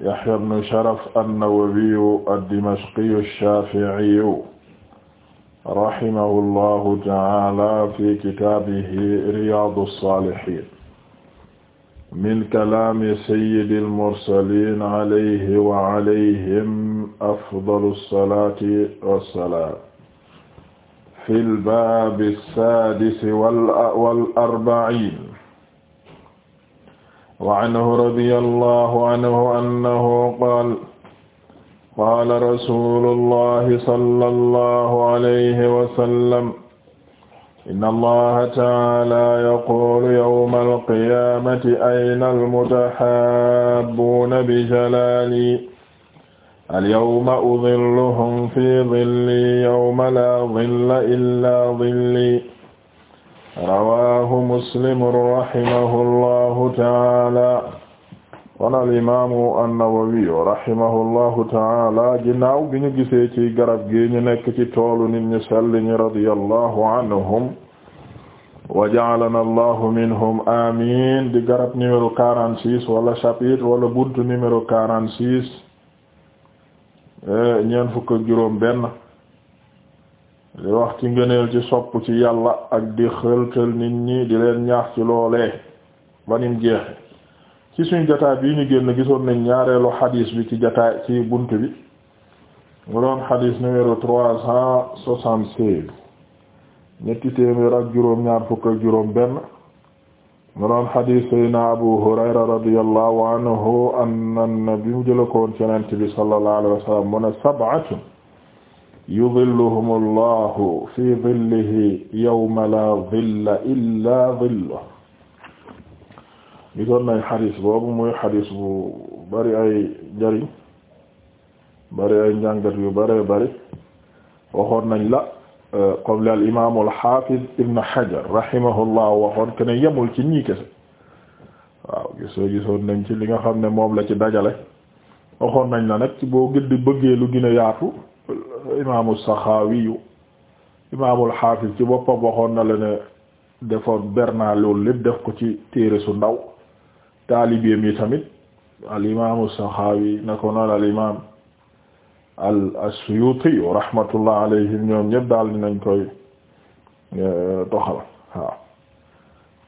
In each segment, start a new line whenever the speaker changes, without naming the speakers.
يحيى بن شرف النووي الدمشقي الشافعي رحمه الله تعالى في كتابه رياض الصالحين من كلام سيد المرسلين عليه وعليهم أفضل الصلاة والسلام في الباب السادس والأربعين wa anhu radiyallahu anhu annahu qaala qaala rasuulullahi sallallahu alayhi wa sallam inna allaha ta'aala yaquulu yawmal qiyaamati ayna almutahaabbuuna bi jalaali alyawma udhilluhum fi dhilli yawma laa dhilla illaa dhilli rawaahu muslim rahimahullahu taala kon al imaamu an-Nawawi rahimahullahu taala ginnaaw gi ñu gisee ci garab gi ñu nekk ci toolu nit ñu sell ñi radiyallahu anhum wa ja'alana minhum amiin di garab numéro 46 wala chapitre wala buntu numéro 46 eh, ñeent fukk ak juróom benn di wax ci ngëneel ci sopp ci yàlla ak di xëltal nit ñi di leen ñaax ci loolee banim jeexe ci suñ jataay bi ñu génn gisoon nañ ñaareelu xadiis bi ci jataay ci bunt bi mu doon xadiis numéro trois cent soixante-seize juróom ñaar fukk juróom benn mu doon xadiis sayna abu hurayra radiyallahu anhu anna nabi mu jëla ko woon ci yonent bi sallallahu alayhi wa sallam mu ne yudilluhum allahu fi dillihi yawma la dilla illa dilluh gisoon nañ xadis boobu muy xadis bu bari ay njariñ bari ay njàngat yu bare bari waxoon nañ la qable euh, al imaamu al xaafiz ibn Hajar rahimahullah waxoon que ne yemul ci ñii kese waaw gisoon nañ ci li nga xam ne moom la ci dajale waxoon nañ la nag ci boo gëdd bëggee lu gën yaatu imaamu Saxaawiyu imaamul xaafis ci boppam waxoon na la ne defoon berna lépp def ko ci téere su ndaw taalibeem yi tamit al imaamu Saxaawi na ko noon al imaam al Suyuuti rahmatullah alayhim ñoom ñëpp daal dinañ koy e, doxal waaw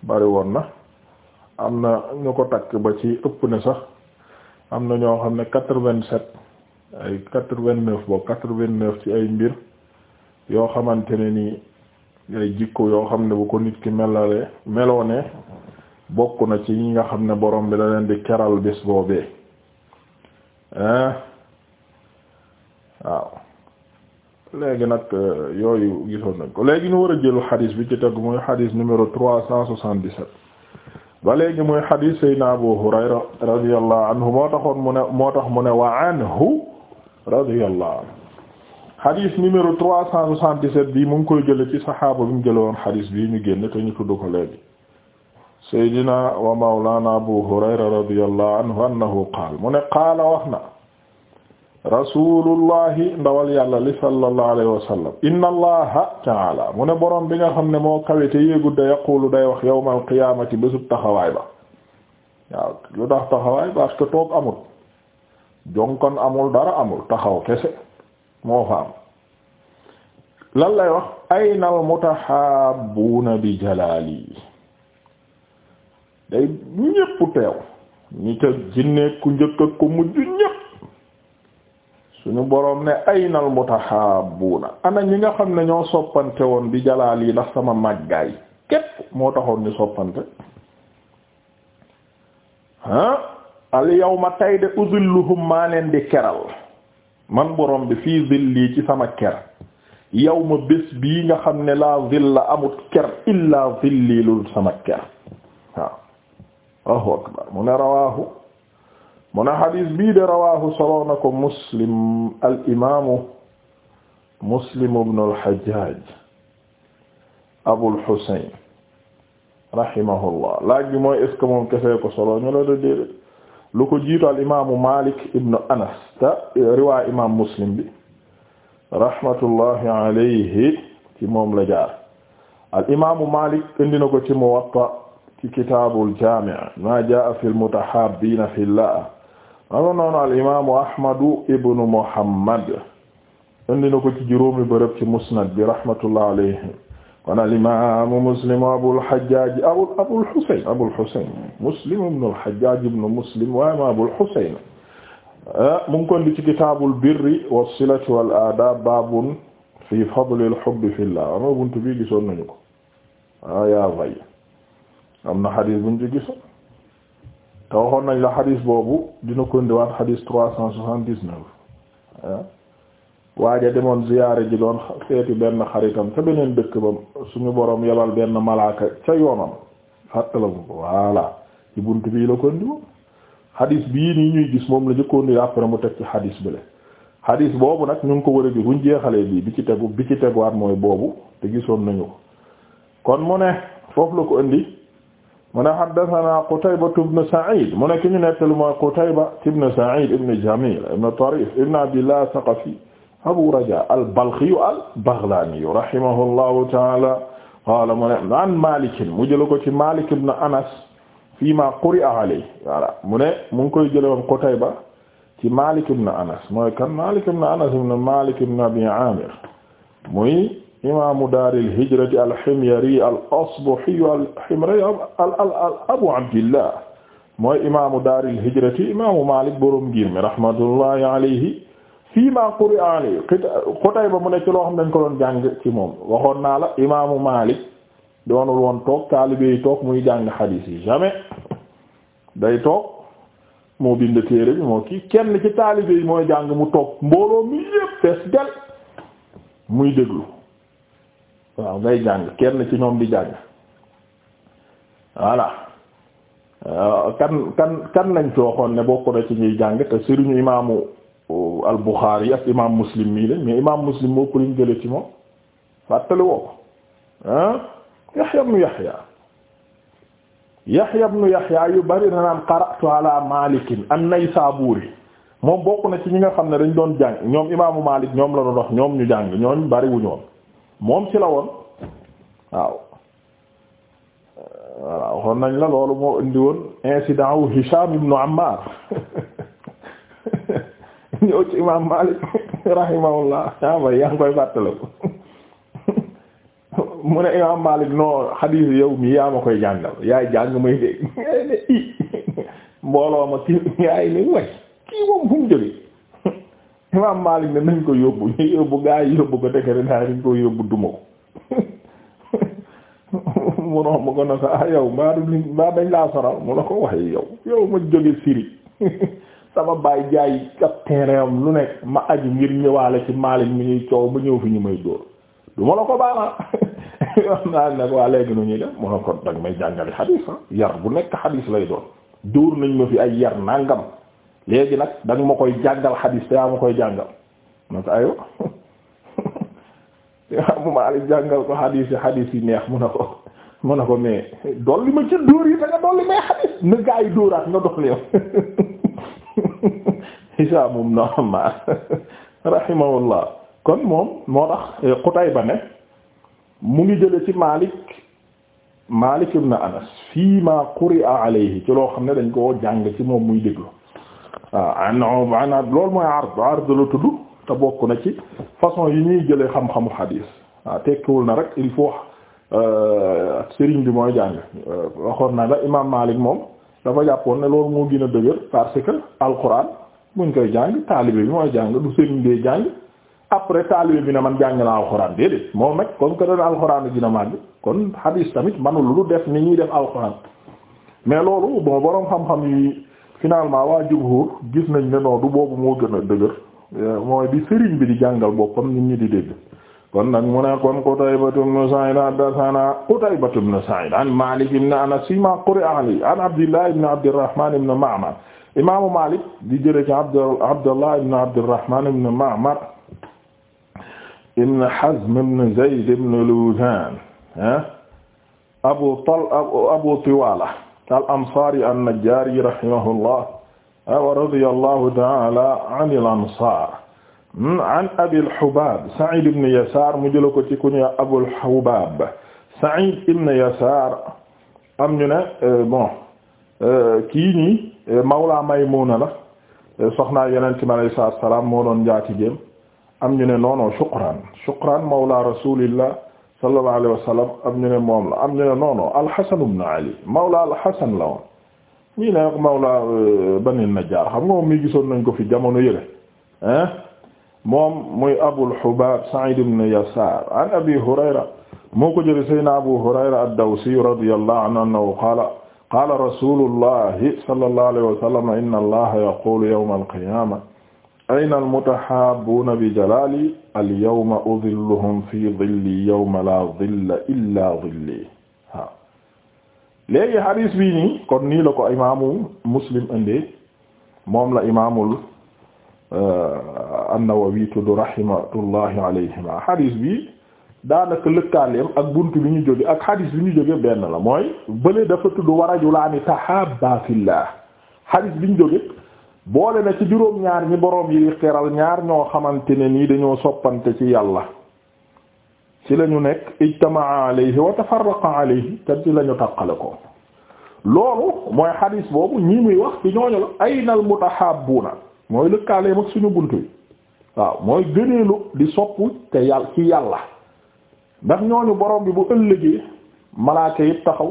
bari na am na ñu ko takk ba ci ëpp ne sax am na ñoo xam ne quatre-vingt-sept ay quatre-vingt-neuf boobu quatre-vingt-neuf ci ay mbir yoo xamante ne ni ay jikko yoo xam ne bu ko nit ki melale meloone bokk na ci ñi nga xam ne borom bi da leen di keral bés boobee waaw léegi nag euh, yooyu gisoon nañ ko léegi ñu war a jëlu xadis bi ci tegu muy xadis numéro trois cent soixante-dix-sept ba léegi muy xadis Seydina Abu Hurayra radiyallahu moo taxoon mu ne moo tax mu ne wa anhu radiyallahu anhu xadis numéro 377 bi mu ngi koy jële ci saxaaba bi mu jële xadis bi ñu génn te ñu tudd ko léegi Seydina wa mawlana Abu Hurayra radiyallahu anhu annahu qaal wax na ndawal yàlla li sallallahu alayhi wa inna allaha taala mu ne bi nga xam ne moo kawe te yéegul da yaqulu day wax yawmal qiyaamati bésub taxawaay ba waaw taxawaay parce que toog amut jonkon amul dara amul taxaw kese moo fa am lan lay wax ayna al mutahabbuuna bi jalaali day ñépp teew ñi ca jinne ku njëkk ak ku mujj ñépp suñu boroom ne ayna al mutahabbuuna ana ñi nga xam ne ñoo soppante woon bi yi ndax sama màggaay képp moo taxoon ñu soppante ah al yawma tay de uzilluhum maa leen di keral man borom bi fii zilli ci sama ker yawma bés bii nga xam ne laa zilla amut ker illaa zilli lul sama ker waaw Allahu akbar mu ne rawaahu mu ne xadiis bii de rawaahu soloo muslim al imaamu muslim ibnu al hajjaaj abul husayn rahimahullah laaj bi mooy est-ce moom kese ko solo ñu la déedéet lu ko jiitu al imaamu Malik ibn Anas te eh, riwaay Muslim bi rahmatullahi alayhi ci moom la jaar al imaamu Malik indi na ko ci Muwatta ci kitaabul jaami' maa jaa'a fil mutahaabbiina fillah noonu noonu al imaamu Ahmadu ibn Muhammad indi na ci juróomi bërëb ci Musnad bi rahmatullahi alayhi kon alimaamu muslim abul hajjaaj abul abul husayn abul husayn muslim ibnul hajjaaj ibnu muslim waaye abul husayn mu ngi kon di ci kitaabul birri wassilati wal aadaab baabun fi fadlil hubbi fillah ama bi gisoon nañu ko ah yaa vay am na xadis buñ ci gisoon te waxoon nañ la boobu dina ko indiwaat trois cent soixante waaja demoon ziyaare ji doon seeti benn xaritam ca beneen dëkk ba suñu borom yebal benn malaaka ca yoonam fàttalaku ko voilà ci bunt bii la ko ndiwoon xadis bii nii ñuy gis moom la njëkkoon di après mu teg ci xadis bi la xadis boobu nag ñu ngi ko war a gis buñ jeexalee bii bi ci tegu bi ci teguwaat mooy boobu te gisoon nañu ko kon mu ne foofu la ko indi mu ne haddathana Qutayba ibn Sa'id mu ne ki ñu nettali mooy Qutayba ibn Sa'id ibn Jamil ibn Tarif ibn Abdillah Saqafi Abu Raja al-Balkhi al-Baghlani rahimahullahu ta'ala qaala mu ne an Maalik mu jëla ko ci Maalik ibn Anas fiima quri'a alayhi voilà mu ne mu ngi koy jële woon Qutayba ci Maalik ibn Anas mooy kan Maalik ibn Anas ibn Maalik ibn Abi Aamir muy imaamu daaril hijrati al-Himyari al-Asbahi al-Himyari Abu Abdillah mooy imaamu daaril hijrati imaamu Maalik borom ngir mi rahmatullahi alayhi fii ma quri'a alayhi Qutayba mu ne loo xam ne dañ ko doon jàng ci moom waxoon naa la imaamu Maalik doonul woon toog taalibe yi toog muy jàng xadiis yi jamais day toog moo bind téere bi moo kii kenn ci taalibe yi mooy jàng mu toog mbooloo mi yépp fees del muy déglu waaw ngay jàng kenn ci ñoom di jàng voilà euh, kan kan kan nañ ci waxoon ne bokk na ci ñuy jàng te sëriñu imaamu al Bukhari ak imaam Muslim mii lañ mais imaam Muslim moo ko liñ jëlee ci moom fàttali woo ko ah Yahya ibn Yahya Yahya ibn yu bari na naan qara'tu ala Malik an-Naysaburi moom bokk na ci ñi nga xam ne dañ doon jàng ñoom imaamu Malik ñoom la doon wax ñoom ñu jàng ñoom bari wu ñoon moom ci la woon waaw voilà waxoon nañ la loolu moo indi woon incident wu Hisham ibn ñëw ci imaam Maalik rahimahullah ah, yaa yaa ngi koy fàttale ko mu ne imaam Maalik non xadiis yow mi ma koy jàngal yaay jàng may dégg yaay i mbooloo ma ki yaay ni way kii moom fu mu jógee imaam ne nañ ko yóbbu ñu yóbbu gaa yi yóbbu ko dekere naa dañ ko yóbbu duma mu noom ma ko ne ko ah yow maa du li maa mu ne ko waxe yow ma jóge siri sama baay jaay ab terrain lu nekk ma aju ngir ñëwaale ci Malik mi ñuy coow ba ñëw fi ñu may dóor du ma la ko baala am ah. naa nag waa léegi nu ñuy def mu ne ko dag may jàngale xadiis ah. yar bu nekk xadiis lay doon dóor nañ ma fi ay yar nàngam léegi nag da ma koy jàngal xadiis te yaa ma koy jàngal ma ko ayo mu Malik jàngal ko xadiis yi xadiis yi neex mu ne ko mu ne ko mais dolli ma ci dóor yi da nga dolli may xadiis na gaa yi dóoraat nga dox leew Hishaam ibn Ammaar rahimahullah kon moom moo tax eh, ba ne mu ngi jële ci Maalik Maalik ibn Anas fii ma quri'a alayhi ci loo xam ne dañ ko jàng ci moom muy déglu waaw ah, an ana loolu mooy ard ard la tudd te bokk na ci façon yi ñuy jële xam-xamu xadiis waaw ah, tekkiwul na rek il faut euh, sëriñ bi mooy jàng euh, waxoon na la imaam Maalik moom dafa jàppoon ne loolu moo gën a dëgër parce que alquran buñ koy jàng taalibe bi mooy jàng du sëriñ dee jàng après taalibe bi na man jàng naa alxuraan déedéet moom nag comme que dana alxuraan dina màgg kon hadis lu def ni ñuy def alxuraan mais loolu bon boroom xam-xam yi finalement waa jumhur gis nañ ne non boobu moo gën a dëgër euh, mooy bi sëriñ bi di jàngal boppam nit ñi di dégg kon nag mu ne kon Qutayba ibn Sa'id haddathana Qutayba ibn Sa'id an Malik ibn Anas ma quri'a alayhi an imaamu Malik di jëlee ci Abd Abdallah ibn Abdurrahman ibn Ma'mar ibn Hazm ibn Zayd ibn Luzan Abu Tal Abu Tiwala al-Ansari an-Najjari rahimahullah wa radiyallahu ta'ala anil ansar hmm, an Abil Hubab Sa'id ibn Yasar mu jëlee ko ci kunya Abul Hubab Sa'id ibn Yasar am ñu ne euh, bon euh, kii nii. Eh, mawla Maymuna la eh, soxnaa yonent mi alayhi salaatu wa salaam moo doon njaatigéem am ñu ne noono Shuqraan Shuqraan mawla Rasuulillah sallallahu alayhi wa sallam am ñu ne moom la am ñu ne noono al-Hasan ibn Ali mawla al-Hasan la woon ñii ne mawla eh, Bani Najjaar xam nga moom mii gisoon nañ ko fi jamono yële hein moom muy Abul Hubaab Sa'iid ibn Yasaar an Abi Hurayra moo ko jëlee Seydina Abu Hurayra ad-Dawsi radiyallahu anhu qaala qaala rasulullahi sallallahu alayhi wa sallam inna allaha yaqulu yawma alqiyama ayna almutahabbuuna bi jalali alyawma udilluhum fi dilli yawma la dilla illa dilli waaw léegi hadis bii nii kon nii la ko imaamu muslim indi moom la imaamul euh, an-Nawawi tudd rahimatullahi alayhima hadis bi daanaka lëkkaaleem ak bunt bi ñu jóge ak hadis bi ñu jóge benn la mooy bële dafa tudd warajulaani tahabba fillah hadis bi ñu jóge boole na ci juróom ñaar ñi boroom yi xeral ñaar ñoo xamante ne nii dañoo soppante ci yàlla ci la ñu nekk ijtamaa alayhi wa tafarraqa alayhi te ci la ñu ko loolu mooy hadis boobu ñi muy wax ci ñooñu la aynal mutahabbuuna mooy lëkkaaleem ak suñu bunt bi waaw mooy gëneelu di soppu te yàlla ci yàlla ndax ñooñu borom bi bu ëllëgee malaaka yëpp taxaw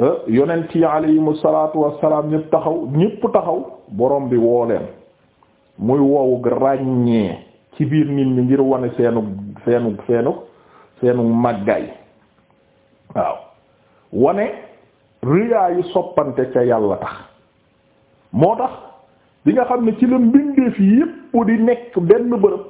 eh, yonent yi alayhimu salaatu wassalaam ñëpp taxaw ñëpp taxaw borom bi woo leen muy woowu ràññee ci biir nit ñi ngir wane seenu seenu seenu seenu màggaay waaw wane rëyaayu soppante ca yàlla tax moo tax bi nga xam ne ci la mbindeef yépp di nekk benn bërëb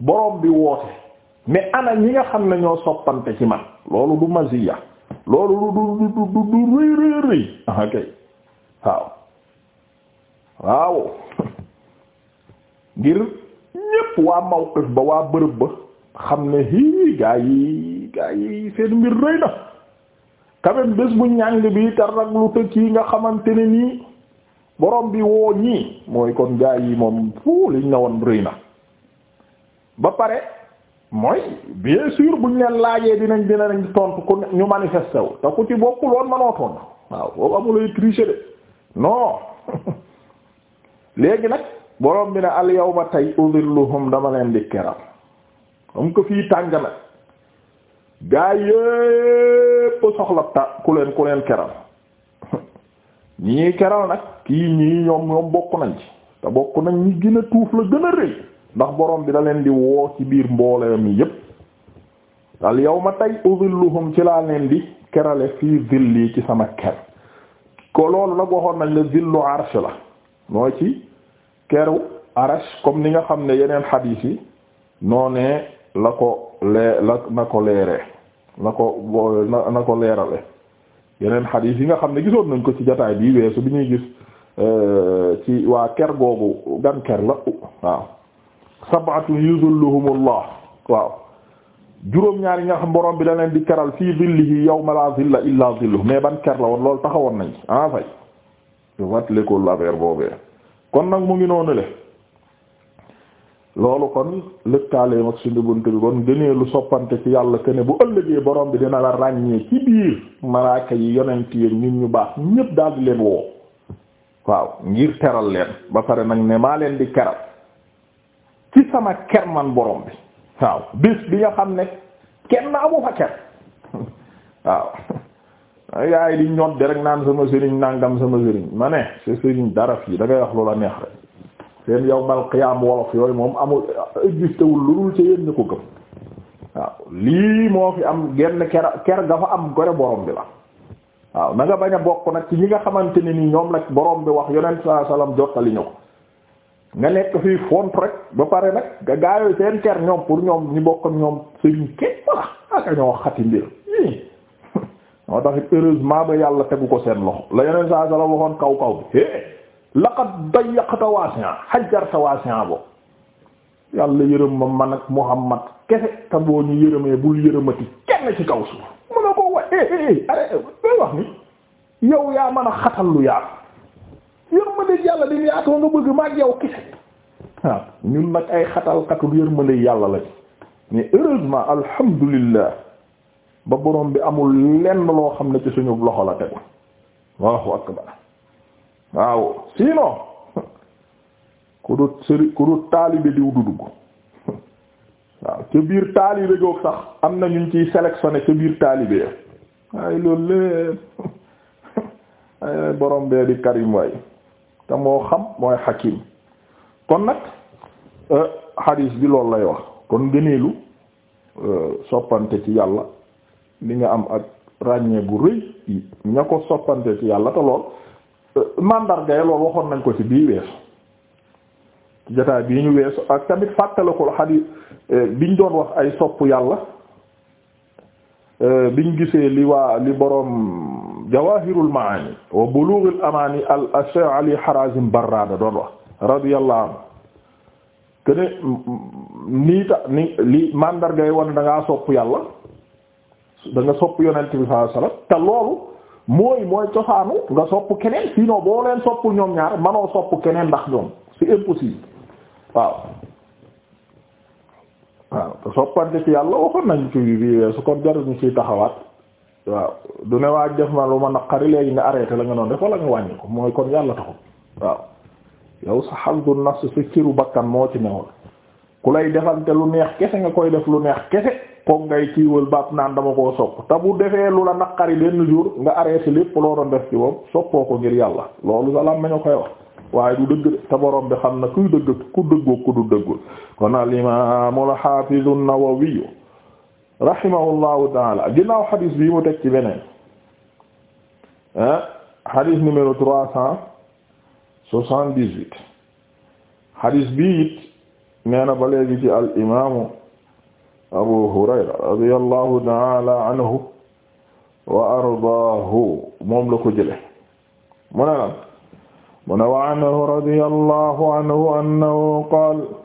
borom bi woote mais ana ñi nga xam ne ñoo soppante ci man loolu du maziya loolu du du du du rëy rëy rëy waaw waaw ngir ñépp waa mawqif ba waa bërëb ba xam ne hii gaa yi gaa yi seen mbir rëy na quand bés bu ñàng bi tar nag lu tëkk yi nga xamante ne nii borom bi woo ñii mooy kon gaa yi moom fu liñ na woon rëy na ba pare mooy bien sûr buñ leen laajee dinañ dinañ tontu ku ñu manifesté wu te ku ci bokkul woon manoo tontu waaw boobu amulay tricher de non léegi nag boroom bi ne al yawma tey udilluhum dama leen di keral comme que fii tàng na gaa yépp soxla ta ku leen ku leen keral ñii keral nag kii ñii ñoom ñoom bokk nañ ci te bokk nañ ñi gën a tuuf la gën a rëy ndax borom bi da leen di woo ci biir mboole mi yépp al ma tey udhilluhum ci laa leen di kerale fii lii ci sama ker ko loolu nag waxoon nañ la zillu arsh la mooy ci keru arsh comme ni nga xam ne yeneen xadiis yi noonee la ko lee la na ko leeree na ko na ko leerale yeneen xadiis yi nga xam ne gisoon nañ ko ci jotaay bii weesu bi ñuy gis euh, ci waa ker googu gan ker la waaw sab'atu yuzilluhumullah waaw juróom ñaar yi nga bi la leen di keral fii zillihi yawma la zilla illa zilluhu mais ban ker la woon loolu taxawoon nañ ah fay yu wat l'école l'affaire boobee kon nag mu ngi noonu le loolu kon lëkkaaleem ak suñu bunt bi kon gënee lu soppante ci yàlla ke bu ëllëgee borom bi dina la ràññee ci biir malaaka yi yonent yi ñun ñu baax ñépp daal di leen woo waaw ngir teral leen ba pare nag ne maa leen di keral ci sama ker man borom bi waaw bis bi nga xam ne kenn amu fa ker waaw yaa yi di naan sama sama sëriñ ma ne wax loola neex rek seen yawmal yooyu moom amul existewul ci yéen moo am genn ker ker am gore borom bi la na nga bañ a bokk nag ci ñi nga xamante ne ni ñoom nag borom bi wax yonent sallallahu alayhi wasallam jottali ñu ko nga nekk fii font rek ba pare nag nga gaayoo seen ker ñoom pour ñoom ñu bokk ñoom sëriñ képp la aka ñoo xati mbir tax heureusement ba yàlla tegu ko seen loxo la yeneen saa sala waxoon kaw kaw bi é laqad dayyaqta wasi'a hajjarta wasi'a bo yàlla yërëm ma man ak Muhammad kese te boo ñu yërëmee bul yërëmati kenn ci kaw suuf mun na ko wax eh eh wax ni yow yaa mën a xatal lu yaatu yërmande yàlla di yaatoo nga bëgg maag yow kese waaw ñun nag ay xatalkatu yërmande yàlla lañ mais heureusement alhamdulillah ba borom bi amul lenn loo xam ne ci suñu loxo la tegu waaw sinon ku dut sëri ku dut taalibe diw du dugg waaw ca biir taalibe goog sax am na ñu ciy sélectionné ca biir taalibe waaye loolu lépp borom bee di karim waaye te moo xam mooy xakim kon nag euh, hadis bi loolu lay wax kon gëneelu euh, soppante ci yàlla li nga am ak ràññee bu rëy ña ko soppante ci yàlla te lool euh, mandarga yi lool waxoon nañ ko ci bii weesu ci bii ñu weesu ak tamit fàttalikul hadis biñ doon wax ay sopp yàlla biñ gisee li waa li boroom jawahirul maani wa bulughul amani al Cheikh Ali Harazim Barrada doon wax radiyallahu anhu kene nii ta ni li mandarga yi wane da sopp yàlla da nga sopp yonent bi sallallahu alayhi wasallam te loolu mooy mooy cosaanu nga sopp keneen sinon boo leen soppul ñoom ñaar manoo sopp keneen ndax ñoom c'est impossible waaw waaw te soppante ci yàlla waxoon nañ ci bi kon jaruñu ciy taxawaat waaw du ne waa def ma lu ma naqari léegi nga arrêté la nga doon def wala nga wàññi ko mooy kon yàlla taxul waaw yow sa xasdu nafs sa ciru bakkan moo ci newoon ku lay defante lu neex kese nga koy def lu neex kese koog ngay kiiwal baab naan dama koo sopp te bu defee lu la naqari benn jour nga arrêté lépp loo doon def ci moom soppoo ko ngir yàlla loolu salaam ma ñu koy wax waaye du dëgg de te borom bi xam na kuy dëgg ku dëggoo ku du dëggul kon rahimahullahu taala ginnaaw xadis bi mu teg ci beneen ah xadis numéro trois cent soixante dix huit xadis bi it nee na ba léegi ci al imaamu abu hurayra radiyallahu taala anhu wa ardaahu moom la ko jële mu ne lan mu ne wa anhu radiyallahu anhu annahu qaala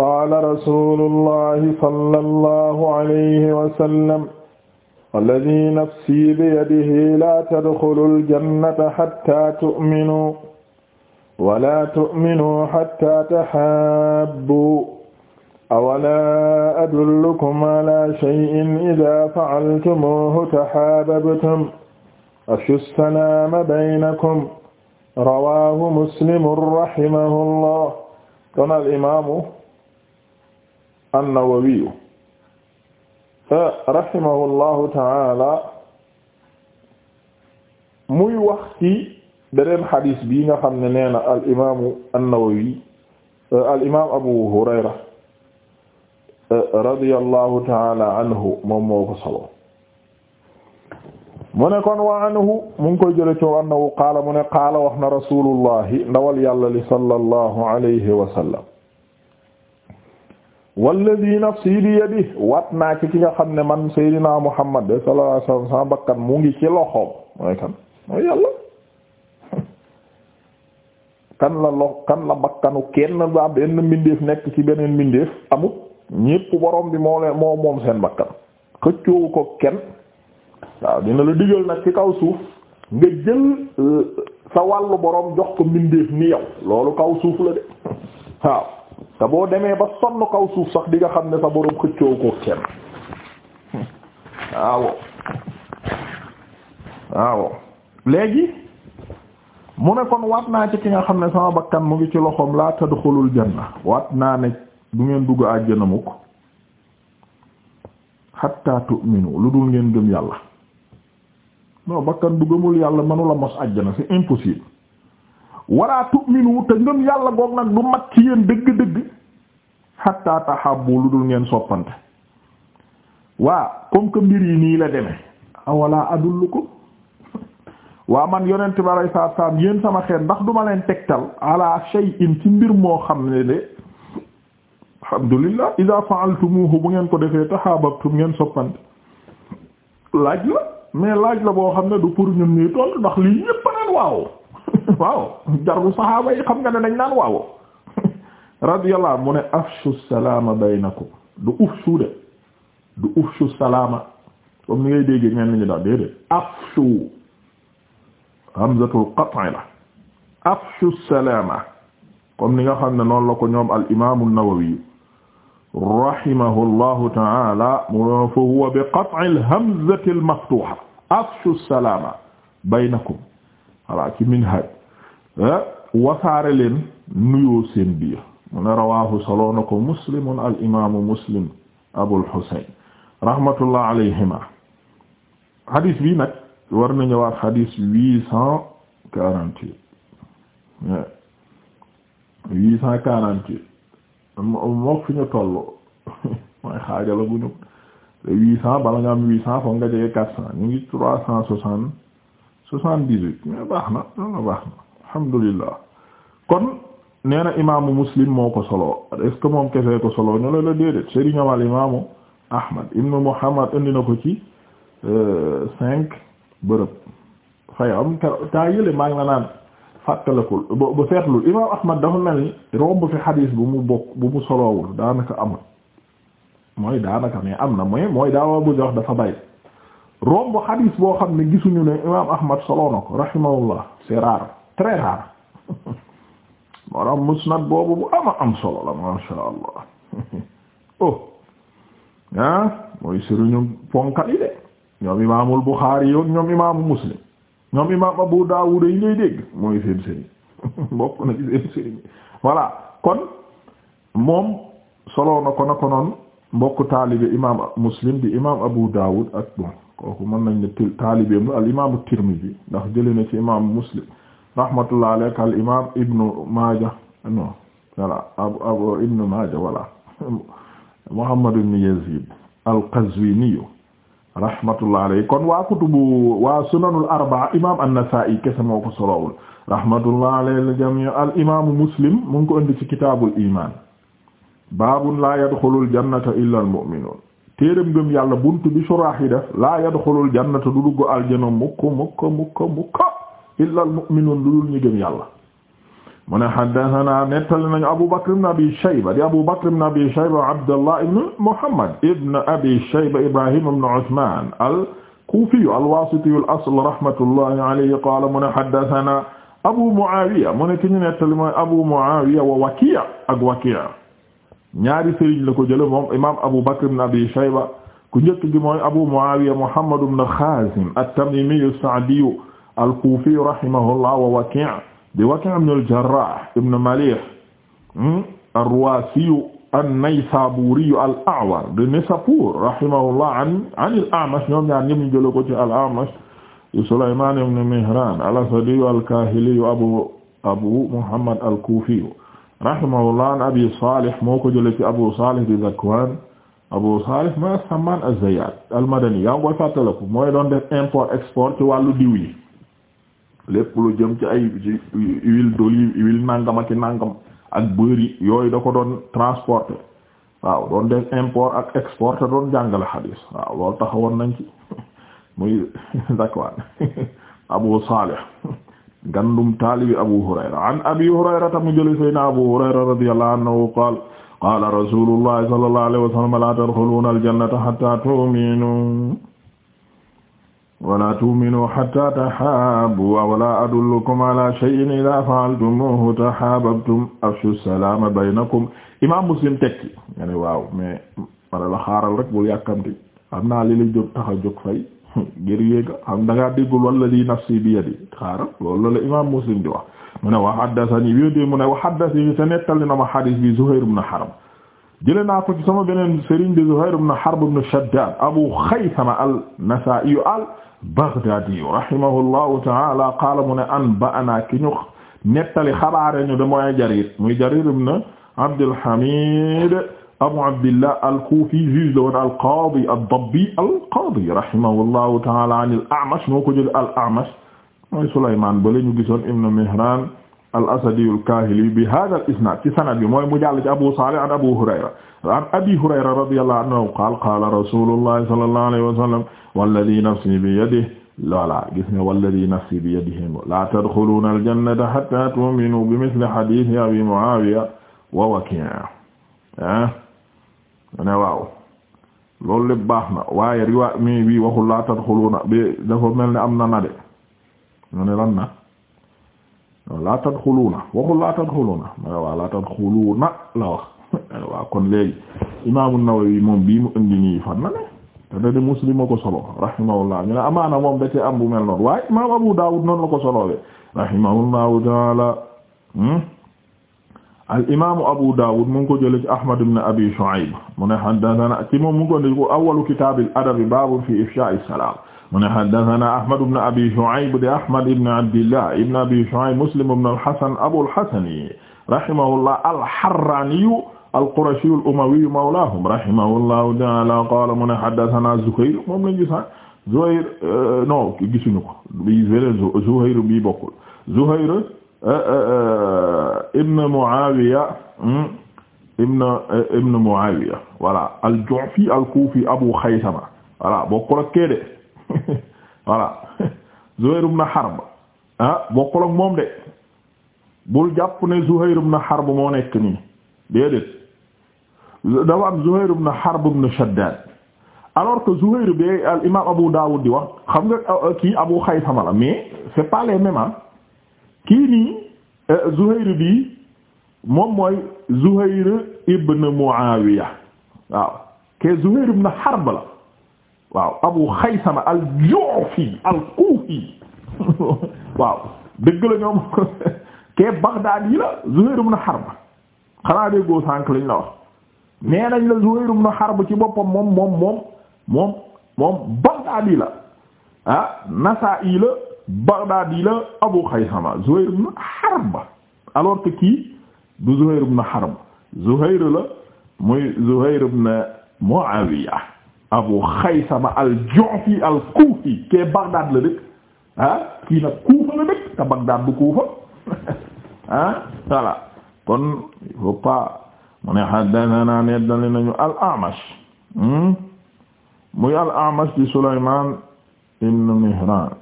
qaala rasuulullahi sallallahu alayhi wa sallam alladii nafsii biyadihi laa tadxulul jannata hattaa tu'minuu walaa tu'minuu hattaa tahaabbu awalaa adullukum alaa shay'in idaa fa'altumuuhu tahaababtum afshu salaama baynakum rawaahu muslimun rahimahullah kon al imaamu an-Nawawi rahimahullahu taala muy wax ci beneen xadis bii nga xam ne nee na al imaamu an-Nawawi al imaam Abu Hurayra radiyallahu taala anhu moom moo ko solo mu ne kon wa anhu mu ngi koy jële ci annahu qaala mu ne qaala wax na rasulullahi ndawal yàlla li sallallahu alayhi wa sallam walladi nafsi bi yadi waat naa ci ki nga xam ne man Seydina Muhammad sallallahu alayhi wasallam sa bakkan mu ngi ci loxoom mooy kan mooy yàlla kan la lo kan la bakkanu kenn ba benn mbindeef nekk ci beneen mbindeef amut ñépp borom bi moo leen moo moom seen bakkan xëccoowu ko kenn waaw dina la digal nag ci kaw suuf nga jël euh, sa wàllu boroom jox ko mbindeef ni yow loolu kaw suuf la de waaw te boo demee ba sonn kaw suuf sax di nga xam ne sa borom xëccoo ko kenn waaw waaw léegi mu ne kon waat naa ci ki nga xam ne sama bakkan mu ngi ci loxoom laa tadxulul janna waat naa ne du ngeen dugg àjjana mukk hatta tu'minu lu dul ngeen gëm yàlla non bakkan bu gëmul yàlla mënula mos àjjana c'est impossible wala tu'minu te ngëm yàlla goog nag du mat ci yéen dëgg-dëgg hatta tahabbu lu dul ngeen soppante waa comme que mbir yi nii la demee awala adullukum waa man yonent bi alay salaatu salaam yéen sama xeet ndax duma leen tegtal ala shay'in ci mbir moo xam ne de alhamdulillah idha fa'altumuhu bu ngeen ko defee tahaababtum ngeen soppante laaj la mais laaj la boo xam ne du pour ñun ñuy toll ndax lii yépp naan waaw waaw jarbu saxaaba yi xam nga ne dañ naan waaw radiyallahu mu ne afshu salaama baynakum du ufshu de du ufshu salaama comme ni ngay déggee ñenn ñi daal déedéet afshu hamzatul qat'i la afshu salaama comme ni nga xam ne noonu la ko ñoom al imaamu an-Nawawi rahimahullahu ta'ala mu fa huwa bi qat'i al-hamzati al-maftuha afshu salaama baynakum ala ci minhaj Ah, wasaare leen nuyoo seen biir mu a rawaahu soloo na ko muslimun al imaamu muslim abul husayn rahmatullah alayhima hadis bi nag war na ñëwaat hadis huit cent quarante-huit huit cent quarante-huit mook fi ñu tollu mooy xaajala bu ñu huit cent bala nga am huit cent foog nga jege quatre cent ñu ngi trois cent soixante soixante-dix-huit mais baax na loolu baax na alhamdulillah kon nee na imaamu muslim moo ko solo est moom kese ko solo ñu ne la déedéet sëriñam al imaamu Ahmad ibnu Muhammad indi na ko ci euh, cinq bërëb fay am taa yële maa ngi naan fàttalakul ba seetlul imam Ahmad dafa mel ni romb fi xadiis bu mu bokk bu mu solowul daanaka amul mooy daanaka mais am na mooy mooy daawa bu jox dafa bay romb xadiis boo xam ne gisuñu ne imam Ahmad solo na ko rahimahullah c'est très rare maanaam musnad boobu bu ama am solo la masha Allah oh ah mooy sëriñu ponkal yi de ñoom imaamul Bukhari yoon ñoom imaamu Muslim ñoom imaam Abu Dawud yi ngay dégg mooy seen sëriñ bokk na ci seen sëriñ voilà kon moom solo ko na ko noon mbokk taalibe imaam Muslim di imaam Abu Dawud ak bon kooku mën nañ ne taalibeem al imaamu Tirmidhi ndax jëlee na ci imaamu Muslim rahmatullah alayhi al imam ibnu Maaja non voilà abu abu ibnu Maaja voilà Muhammad ibn Yazid al-Qazwini rahmatullah alayhi kon waa kutubu waa sunanul arbaa imam an-Nasa'i kese moo ko solowul rahmatullah alayhi al-jami' al-imaamu Muslim mu ngi ko indi ci kitaabul iimaan baabun laa yadxulul jannata illa al-mu'minuun téeram gëm yàlla buntu bi suraax yi def laa yadxulul jannata du dugg aljana mukk mukk mukk mukk illa al-mu'minuun lu dul ñu gëm yàlla mu ne haddathana nettali nañu Abu Bakr ibn Abi Shayba di Abu Bakr ibn Abi Shayba Abdullah ibn Muhammad ibn Abi Shayba Ibrahim ibn Uthman al-Kufi al-Wasiti al-asl rahmatullahi alayhi qala mu ne haddathana Abu Muawiya mu ne ki ñu nettali mooy Abu Muawiya wa Waki' ak Waki' ñaari sëriñ la ko jële moom imaam Abu Bakr ibn Abi Shayba ku njëkk gi mooy Abu Muawiya Muhammad ibn Khazim at-Tamimi as-Sa'di al-Kufi rahimahullah wa Waki' di Waki' ibn al-Jarrah ibn Malih hmm, ar-Ruwasi an-Naysaburi al-A'war de Naysabur rahimahullah an an al-A'mash ñoom ñaar ñëpp ñu jël ko ci al-A'mash Sulayman ibn Mihran al-Asadi al-Kahili Abu Abu Muhammad al-Kufi rahimahullah an Abi Salih moo ko jëlee ci Abu Salih di Zakwan Abu Salih ma Samman az-Zayyat al-Madani yaa ngi koy fàttaliku mooy doon def import export ci wàllu diw yi lépp lu jëm ci ay ci huile d'olive huile nangam ak nangam ak beurre yi yooyu da ko doon transporter waaw doon def import ak export te doon jàngale xadiis waaw loolu taxawoon nañ ci muy Zakwaan Abu Salih gandum taalibi Abu Hurayra an Abi Hurayra tamu jële sayna Abu Hurayra radiyallahu anhu qaal qaala rasuulullahi sallallahu alayhi wa sallam la tadxuluuna al-jannata hatta tu'minu wala tu'minu hatta tahabu wala adullukum ala shay'in idha fa'altumuhu tahababtum afshu salama baynakum imam muslim tekki nga ne waaw mais mana la xaaral rek bul yàkkamti xam naa li la jóg tax a jóg fay ngir yéega xam da ngaa déggul wala li nafsi bi yadi xaaral loolu la imam muslim di wax mu ne wa haddathani bi mu ne wa haddathani te nettali na ma hadith bi zuhair ibn haram jëlee naa ko ci sama beneen sëriñ de Zuhayr ibn Harb ibn Shaddad Abu Khaythama an-Nasa'i al-Baghdadi rahimahullahu ta'ala qaala mu ne anba'anaa ki ñu nettali xabaare ñu de mooy Jarir muy Jarir ibn Abdul Hamid Abu Abdillah al-Kufi juge la woon al-Qadi ad-Dabbi al-Qadi rahimahullahu ta'ala an al-A'mash moo ko jëlee al-A'mash mooy Sulaymaan ba la ñu gisoon ibn Mihran al-Asadi al-Kahili bi haaza al-isnaad ci sanad bi mooy mu jàll ci Abu Saalih an Abu Hurayra an Abi Hurayra radiyallahu anhu qaala qaala rasuulullahi sallallahu alayhi wa sallam walladii nafsii biyadihi laa gis nga walladii nafsii biyadihi laa tadxuluuna al-jannata hattaa tu'minuu bimithli hadiisi Abii Mu'aawiya wa Wakii' ne waaw loolu lépp baax na waaye riwaay mi bii waxul laa tadxuluuna bi dafa mel ne am na na de mu ne lan na laa tadxuluuna waxul laa tadxuluuna ma waa laa tadxuluuna la wax waaw kon léegi imaamu moom bii indi nii na ne te ko solo rahimahullah ñu ne amaana moom da am bu mel noonu waaye imaam Abu Daawud noonu la ko soloowe rahimahullahu taala hmm? al imaamu Abu Daawud mu ko jëlee ci Ahmad ibn Abi Shu'ayb mu ne haddathana ci moom mu ngi ko ne ko awwalu kitaabil fi ifshaa'i salaam mu ne haddathana Ahmad ibn Abi Shu'ayb de Ahmad ibn Abdillah ibn Abi Shu'ayb Muslim ibn al-Hasan Abul Hasani rahimahullah al-Harraniyu al-Qurashiyu al-Umawiyu mawlaahum rahimahullahu ta'ala qaala mu ne haddathana Zuhayr moom lañu gis ah Zuhayr euh, non gisuñu ko bi beneen Zuhayr bi bokkul Zuhayr euh, euh, ibn Mu'awiya hmm, ibn ibn Mu'awiya voilà al-Ju'fi al-Kufi Abu Khaythama voilà bokkul ak kee de voilà Zuhayr ibn Harb ah bokkul ak moom de bul jàpp ne Zuhayr ibn Harb moo nekk nii déedéet dafa am Zuhayr ibn Harb ibn Shaddad alors que Zuhayr bi al imam Abu Dawud di wax xam nga euh, euh, kii Abu Xaysama la mais c'est pas les mêmes kii nii euh, Zuhayr bi moom mooy Zuhayr ibn Muawiya waaw ke Zuhayr ibn Harb la waaw abu xaysama al ju'fi al kufi waaw dëgg la ñoom kee Baghdad yi la Zuhayr ibn Harb xanaa déggoo sànk lañ la nee nañ la Zuhayr ibn Harb ci boppam moom moom moom moom moom Baghdad la ah Nasa'i la Baghdad yi la abu xaysama Zuhayr ibn Harb alors que kii du Zuhayr ibn Harb Zuhayr la muy Zuhayr ibn Muawiya Abu Xaysama al-Ju'fi al-Kufi kee Bagdad la dëkk ah kii nag Kufa la dëkk te Bagdad bu Kufa ah voilà kon il faut pas mu ne haddathana nettali nañu al-A'mash hmm? muy al-A'mash di Sulaymaan ibn Mihraan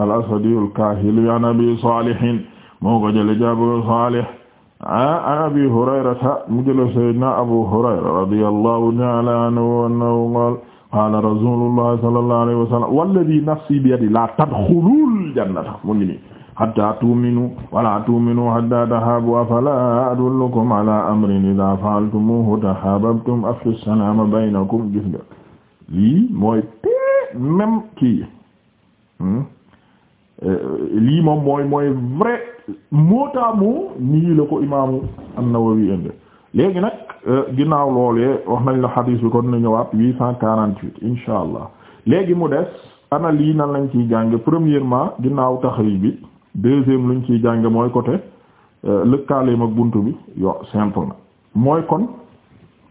al-Asadi al-Kaahili an Abi Saalih moo ko jëlee Abu Saalih an abi hurayrata mu jëla sayyidina abu hurayra radiyallahu ta'ala anhu annahu qaala qaala rasuulullahi sallallahu alayhi wa sallam walladhi nafsi biyadihi la tadkhulul jannata mu ngi nii hatta tu'minu wala tu'minu hatta tahabu afala adullukum ala amrin idha fa'altumuhu tahababtum afshu salaama baynakum gis nga lii mooy même kii hmm? Euh, lii moom mooy mooy vrai mootaamu nii la ko imaamu an-Nawawi indi léegi nag euh, ginnaaw loolee wax nañ la xadiis bi kon na ñëwaat huit cent quarante-huit insha allah léegi mu des ana lii nan lañ ciy jànge premièrement ginnaaw taxrij bi deuxième luñ ciy jànge mooy côté euh, lëkkaaleem ak bunt bi yo simple na mooy kon